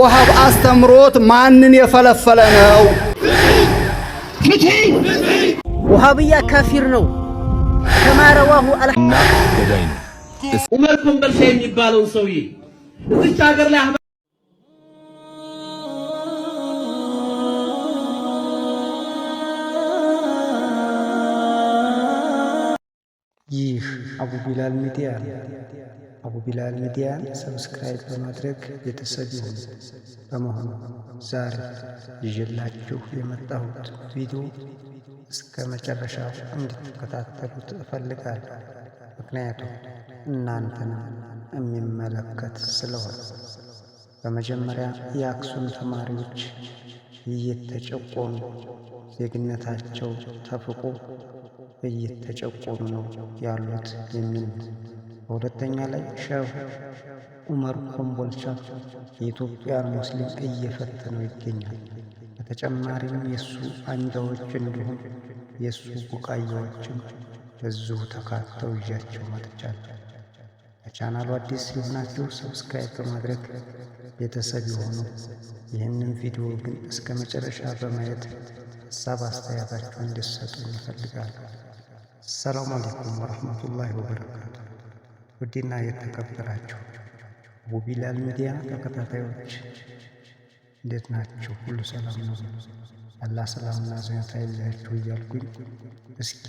ወሃብ አስተምሮት ማንን የፈለፈለ ነው? ወሃብያ ካፊር ነው። ከማረዋሁ ገዳይ ነው። ዑመር ኮምበልሳ የሚባለውን ሰውዬ እዚች ሀገር ላይ አቡ ቢላል ሚዲያ አቡ ቢላል ሚዲያን ሰብስክራይብ በማድረግ ቤተሰብ ይሁኑ። በመሆኑ ዛሬ ይዤላችሁ የመጣሁት ቪዲዮ እስከ መጨረሻው እንድትከታተሉት እፈልጋለሁ። ምክንያቱም እናንተንም የሚመለከት ስለሆነ። በመጀመሪያ የአክሱም ተማሪዎች እየተጨቆኑ ዜግነታቸው ተፍቆ እየተጨቆኑ ነው ያሉት የሚል ነው። በሁለተኛ ላይ ሸህ ኡመር ኮምቦልቻ የኢትዮጵያን ሙስሊም እየፈተነው ይገኛል። በተጨማሪም የእሱ አንጃዎች እንዲሁም የእሱ ቡቃያዎችም እዚሁ ተካተው ይዣቸው መጥቻለሁ። ለቻናሉ አዲስ የሆናችሁ ሰብስክራይብ በማድረግ ቤተሰብ የሆኑ ይህንን ቪዲዮ ግን እስከ መጨረሻ በማየት ሀሳብ አስተያየታችሁ እንዲሰጡ ይፈልጋሉ። አሰላሙ አሌይኩም ወረህመቱላሂ ወበረካቱ። ውድና የተከበራችሁ አቡቢላል ሚዲያ ተከታታዮች እንዴት ናችሁ? ሁሉ ሰላም ነው? አላህ ሰላምና ዝነታ ይለያችሁ እያልኩኝ እስኪ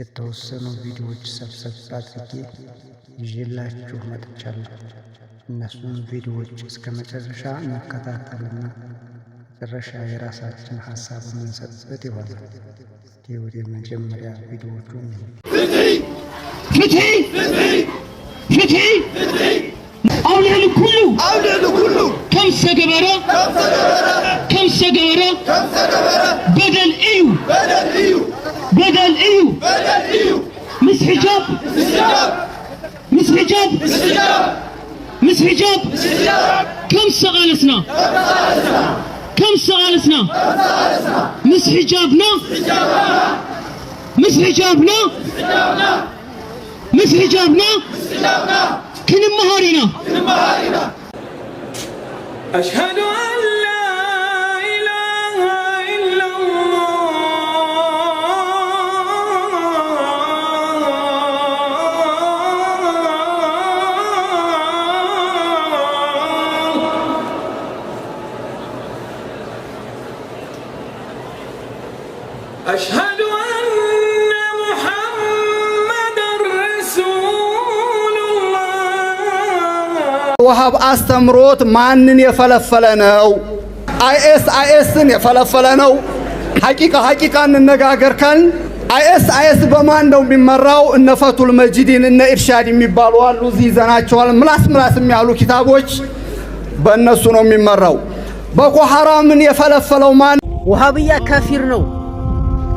የተወሰኑ ቪዲዮዎች ሰብሰብ አድርጌ ይዤላችሁ መጥቻለሁ። እነሱም ቪዲዮዎች እስከ መጨረሻ እንከታተልና መጨረሻ የራሳችን ሀሳብ የምንሰጥበት ይሆናል። ወደ መጀመሪያ ቪዲዮዎቹ አውሊያ ልኩሉ ከምሰ ገበረ ከምሰ ገበረ በደል እዩ በደል እዩ ምስ ሒጃብ ምስ ሒጃብ ምስ ሒጃብ ከምሰ ቃለስና كم سؤالتنا مس حجابنا مس حجابنا مس حجابنا كنم مهارنا أشهد أن أشهد أن محمد رسول الله አስተምሮት ማንን የፈለፈለ ነው? አይኤስ አይኤስን የፈለፈለ ነው። ሐቂቃ ሐቂቃ እንነጋገር ካልን አይኤስ አይኤስ በማን ነው የሚመራው? እነ ፈቱል መጂዲን እነ ኢርሻድ የሚባሉ አሉ። እዚህ ይዘናቸዋል። ምላስ ምላስ የሚያሉ ኪታቦች በእነሱ ነው የሚመራው። ቦኮ ሐራምን የፈለፈለው ማን? ወሃብያ ካፊር ነው።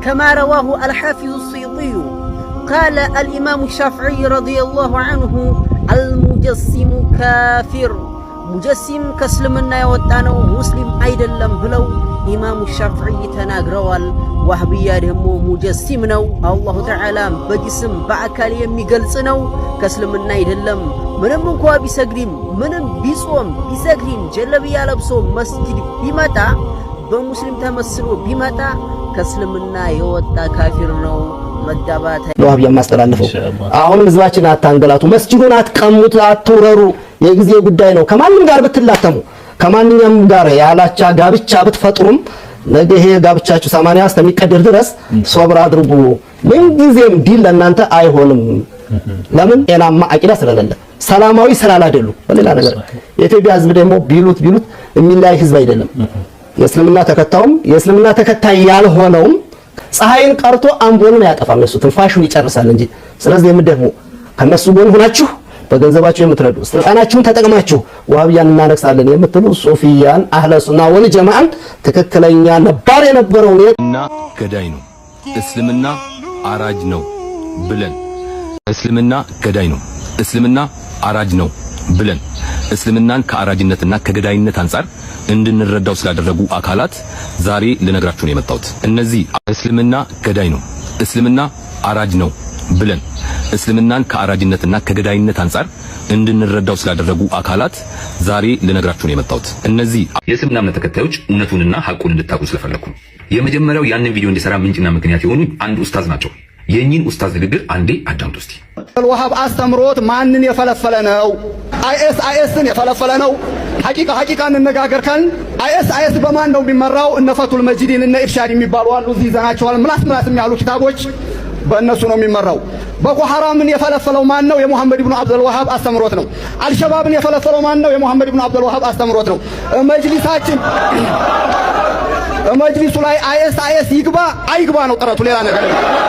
كما رواه الحافظ السيوطي قال الإمام الشافعي رضي الله عنه المجسم كافر مجسም ከእስልምና የወጣ ነው ሙስሊም አይደለም ብለው ኢማሙ ሻፍዒይ ተናግረዋል። ዋህብያ ደግሞ ሙጀሲም ነው አላሁ ተዓላ በጅስም በአካል የሚገልጽ ነው፣ ከእስልምና አይደለም። ምንም እንኳ ቢሰግድም ምንም ቢጾም ቢሰግድም ጀለብያ ለብሶ መስጂድ ቢመጣ በሙስሊም ተመስሎ ቢመጣ ከእስልምና የወጣ ካፊር ነው መጋባት ለዋህብ የማስተላልፈው። አሁንም ህዝባችን አታንገላቱ፣ መስጂዱን አትቀሙት፣ አትውረሩ። የጊዜ ጉዳይ ነው። ከማንም ጋር ብትላተሙ፣ ከማንኛውም ጋር ያላቻ ጋብቻ ብትፈጥሩም ነገ ይሄ ጋብቻችሁ 80 እስከሚቀደር ድረስ ሶብር አድርጉ። ምን ጊዜም ዲል ለእናንተ አይሆንም። ለምን? ጤናማ አቂዳ ስለሌለ ሰላማዊ ስላላደሉ በሌላ ነገር የኢትዮጵያ ህዝብ ደግሞ ቢሉት ቢሉት የሚለያይ ህዝብ አይደለም። የእስልምና ተከታውም የእስልምና ተከታይ ያልሆነውም ፀሐይን ቀርቶ አምቦንን አያጠፋም። እሱ ትንፋሹን ይጨርሳል እንጂ። ስለዚህ የምትደግሙ ከነሱ ጎን ሆናችሁ በገንዘባችሁ የምትረዱ ስልጣናችሁን ተጠቅማችሁ ዋህብያን እናነግሳለን የምትሉ ሶፊያን አህለ ሱና ወል ጀማዓን ትክክለኛ ነባር የነበረው እና ገዳይ ነው እስልምና አራጅ ነው ብለን እስልምና ገዳይ ነው እስልምና አራጅ ነው ብለን እስልምናን ከአራጅነትና ከገዳይነት አንጻር እንድንረዳው ስላደረጉ አካላት ዛሬ ልነግራችሁ ነው የመጣሁት። እነዚህ እስልምና ገዳይ ነው፣ እስልምና አራጅ ነው ብለን እስልምናን ከአራጅነትና ከገዳይነት አንጻር እንድንረዳው ስላደረጉ አካላት ዛሬ ልነግራችሁ ነው የመጣሁት። እነዚህ የእስልምና እምነት ተከታዮች እውነቱንና ሐቁን እንድታውቁ ስለፈለኩ የመጀመሪያው ያንን ቪዲዮ እንዲሰራ ምንጭና ምክንያት የሆኑ አንድ ኡስታዝ ናቸው። የእኚህን ኡስታዝ ንግግር አንዴ አዳምጡ እስቲ። አልዋሃብ አስተምሮት ማንን የፈለፈለ ነው? አይኤስ አይኤስን የፈለፈለ ነው። ሐቂቃ ሐቂቃ እንነጋገር ካል አይኤስ አይኤስ በማን ነው የሚመራው? እነ ፈቱል መጂዲን እነ ኢፍሻድ የሚባሉ አሉ። እዚህ ይዘናቸዋል። ምላስ ምላስ የሚያሉ ኪታቦች በእነሱ ነው የሚመራው። ቦኮ ሐራምን የፈለፈለው ማን ነው? የሙሐመድ ብኑ ወሃብ አስተምሮት ነው። አልሸባብን የፈለፈለው ማን ነው? የሙሐመድ ብኑ ወሃብ አስተምሮት ነው። መጅሊሳችን መጅሊሱ ላይ አይኤስ አይስ ይግባ አይግባ ነው ጥረቱ፣ ሌላ ነገር።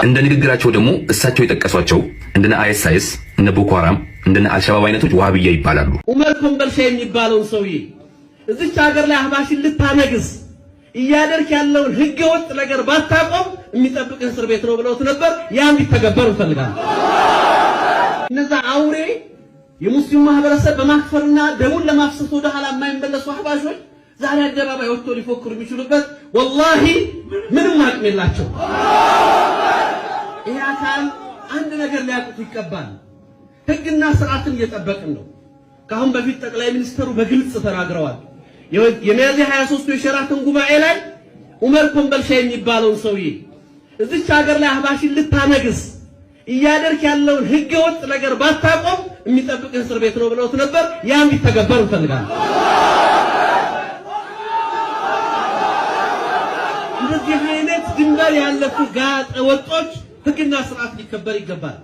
እንደ ንግግራቸው ደግሞ እሳቸው የጠቀሷቸው እንደነ አይኤስ አይስ እነ ቦኮ ሐራም እንደነ አልሸባብ አይነቶች ዋህብያ ይባላሉ። ኡመር ኮምበልሻ የሚባለውን ሰውዬ እዚች ሀገር ላይ አህባሽን ልታነግስ እያደርክ ያለውን ህገወጥ ነገር ባታቆም የሚጠብቅ እስር ቤት ነው ብለውት ነበር። ያ እንዲተገበር እንፈልጋለን። እነዛ አውሬ የሙስሊም ማህበረሰብ በማክፈልና ደሙን ለማፍሰስ ወደ ኋላ የማይመለሱ አህባሾች ዛሬ አደባባይ ወጥቶ ሊፎክሩ የሚችሉበት ወላሂ ምንም አቅም የላቸው። ይህ አካል አንድ ነገር ሊያውቁት ይገባል። ህግና ስርዓትን እየጠበቅን ነው። ከአሁን በፊት ጠቅላይ ሚኒስትሩ በግልጽ ተናግረዋል። የሚያዝያ 23 የሸራተን ጉባኤ ላይ ኡመር ኮምበልሻ የሚባለውን ሰውዬ እዚች ሀገር ላይ አህባሽን ልታነግስ እያደርክ ያለውን ህገወጥ ነገር ባታቆም የሚጠብቅ እስር ቤት ነው ብለውት ነበር። ያም ይተገበር እንፈልጋለን። በዚህ አይነት ድንበር ያለፉ ጋጠ ወጦች ህግና ስርዓት ሊከበር ይገባል።